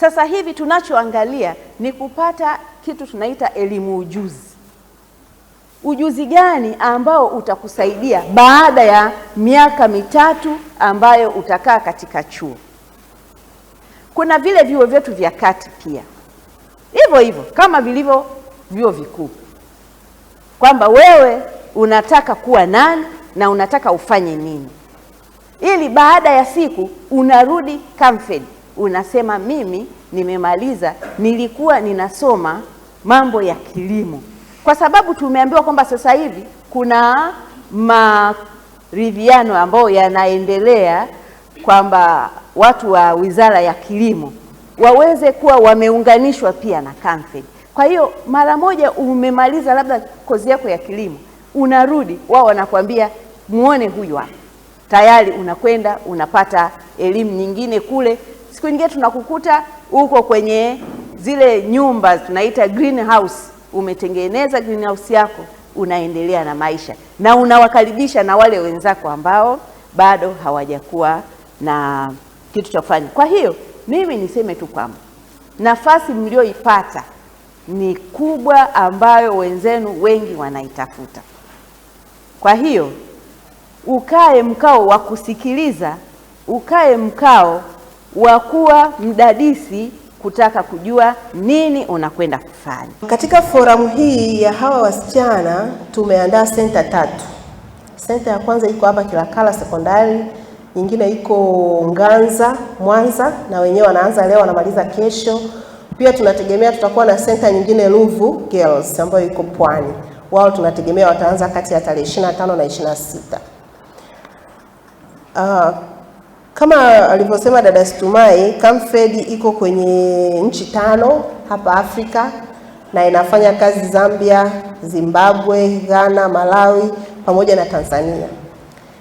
Sasa hivi tunachoangalia ni kupata kitu tunaita elimu ujuzi. Ujuzi gani ambao utakusaidia baada ya miaka mitatu ambayo utakaa katika chuo? Kuna vile vyuo vyetu vya kati pia hivyo hivyo, kama vilivyo vyuo vikuu, kwamba wewe unataka kuwa nani na unataka ufanye nini, ili baada ya siku unarudi Camfed unasema mimi nimemaliza, nilikuwa ninasoma mambo ya kilimo, kwa sababu tumeambiwa kwamba sasa hivi kuna maridhiano ambayo yanaendelea kwamba watu wa Wizara ya Kilimo waweze kuwa wameunganishwa pia na Kamfed. Kwa hiyo mara moja umemaliza labda kozi yako ya kilimo, unarudi wao wanakuambia muone huyu hapa, tayari unakwenda unapata elimu nyingine kule siku nyingine tunakukuta uko kwenye zile nyumba tunaita greenhouse, umetengeneza greenhouse yako, unaendelea na maisha na unawakaribisha na wale wenzako ambao bado hawajakuwa na kitu cha kufanya. Kwa hiyo mimi niseme tu kwamba nafasi mlioipata ni kubwa, ambayo wenzenu wengi wanaitafuta. Kwa hiyo ukae mkao wa kusikiliza, ukae mkao wa kuwa mdadisi kutaka kujua nini unakwenda kufanya. Katika foramu hii ya hawa wasichana tumeandaa senta tatu. Senta ya kwanza iko hapa Kilakala Sekondari, nyingine iko Nganza Mwanza, na wenyewe wanaanza leo wanamaliza kesho. Pia tunategemea tutakuwa na senta nyingine Ruvu Girls ambayo iko Pwani, wao tunategemea wataanza kati ya tarehe 25 na 26. Uh, kama alivyosema dada Situmai, Camfed iko kwenye nchi tano hapa Afrika na inafanya kazi Zambia, Zimbabwe, Ghana, Malawi pamoja na Tanzania.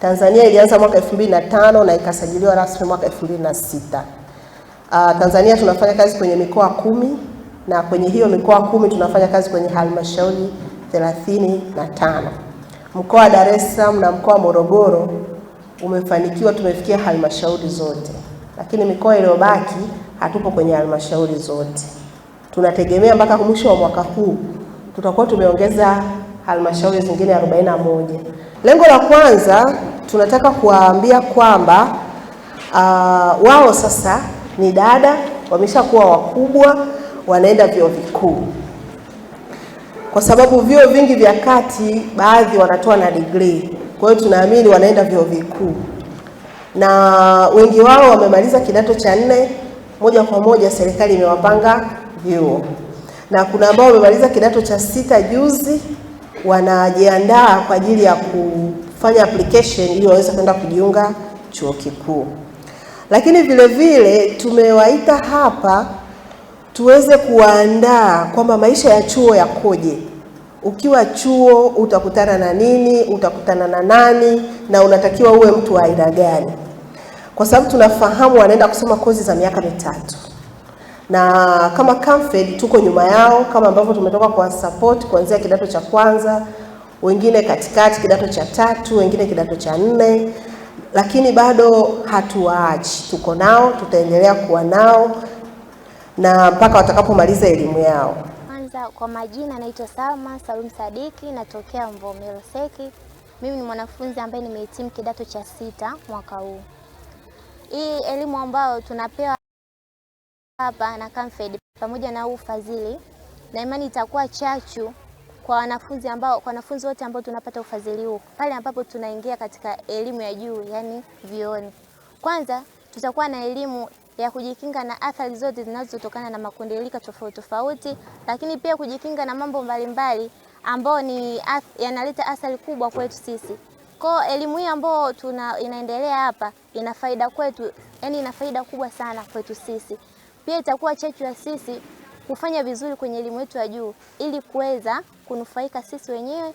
Tanzania ilianza mwaka 2005 na ikasajiliwa rasmi mwaka 2006. Uh, ah, Tanzania tunafanya kazi kwenye mikoa kumi na kwenye hiyo mikoa kumi tunafanya kazi kwenye halmashauri 35. Mkoa wa Dar es Salaam na mkoa wa Morogoro umefanikiwa, tumefikia halmashauri zote, lakini mikoa iliyobaki hatupo kwenye halmashauri zote. Tunategemea mpaka mwisho wa mwaka huu tutakuwa tumeongeza halmashauri zingine 41. Lengo la kwanza tunataka kuwaambia kwamba uh, wao sasa ni dada, wameshakuwa wakubwa, wanaenda vyuo vikuu, kwa sababu vyuo vingi vya kati baadhi wanatoa na degree kwa hiyo tunaamini wanaenda vyuo vikuu na wengi wao wamemaliza kidato cha nne, moja kwa moja serikali imewapanga vyuo, na kuna ambao wamemaliza kidato cha sita juzi, wanajiandaa kwa ajili ya kufanya application ili waweze kwenda kujiunga chuo kikuu. Lakini vile vile tumewaita hapa tuweze kuwaandaa kwamba maisha ya chuo yakoje. Ukiwa chuo utakutana na nini, utakutana na nani, na unatakiwa uwe mtu wa aina gani, kwa sababu tunafahamu wanaenda kusoma kozi za miaka mitatu, na kama Camfed tuko nyuma yao, kama ambavyo tumetoka kwa support kuanzia kidato cha kwanza, wengine katikati kidato cha tatu, wengine kidato cha nne, lakini bado hatuwaachi, tuko nao, tutaendelea kuwa nao na mpaka watakapomaliza elimu yao. Kwa majina naitwa Salma Salum Sadiki, natokea Mvomero Seki. Mimi ni mwanafunzi ambaye nimehitimu kidato cha sita mwaka huu. Hii elimu ambayo tunapewa hapa na Camfed pamoja na ufadhili, na imani itakuwa chachu kwa wanafunzi ambao kwa wanafunzi wote ambao tunapata ufadhili huu pale ambapo tunaingia katika elimu ya juu, yani vioni. Kwanza tutakuwa na elimu ya kujikinga na athari zote zinazotokana na makundilika tofauti tofauti, lakini pia kujikinga na mambo mbalimbali ambayo ni ath, yanaleta athari kubwa kwetu sisi. Kwa elimu hii ambayo tuna inaendelea hapa ina faida kwetu, yani ina faida kubwa sana kwetu sisi. Pia itakuwa chachu ya sisi kufanya vizuri kwenye elimu yetu ya juu ili kuweza kunufaika sisi wenyewe